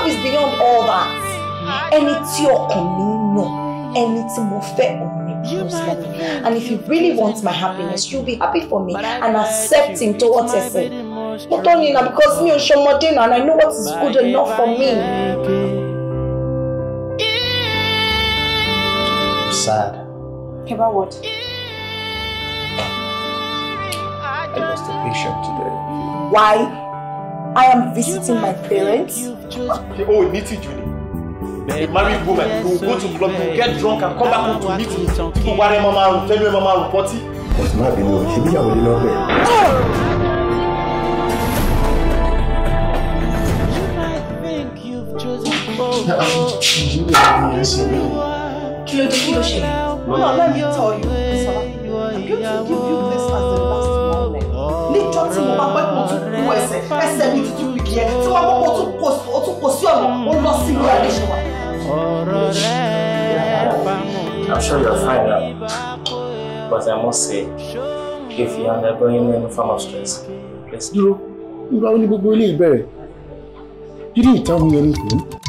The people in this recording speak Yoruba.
love is beyond all that and it's your mi ń nà ẹni tí mo fẹ́ love me and if you really want my happiness you be happy for me and accept him what I say. tọ́ only na because me and ṣọmọdé and I know what is good enough for me. Sad. About what? I lost a patient today. Why? I am visiting my parents. Oh, nítìjú Junior. A married woman who will go to club, will get drunk and come back home to meet you. People worry mama tell me, mama run party. What's my bi no, she be here with love. Kí ló dé kí ló ṣe? Mama, let me tell you. ẹ tí wọ́n kọ́kọ́ ó tún kò sí ọ̀nà ó lọ sí ìlú àdéṣe wa. ọ̀rọ̀ rẹ̀ bá mi. I'm sure you're fine now but I must say if you are undergoing any form of stress please. dúró ìgbà wo ni gbogbo ilé ìbẹ̀rẹ̀ you didn't tell me anything.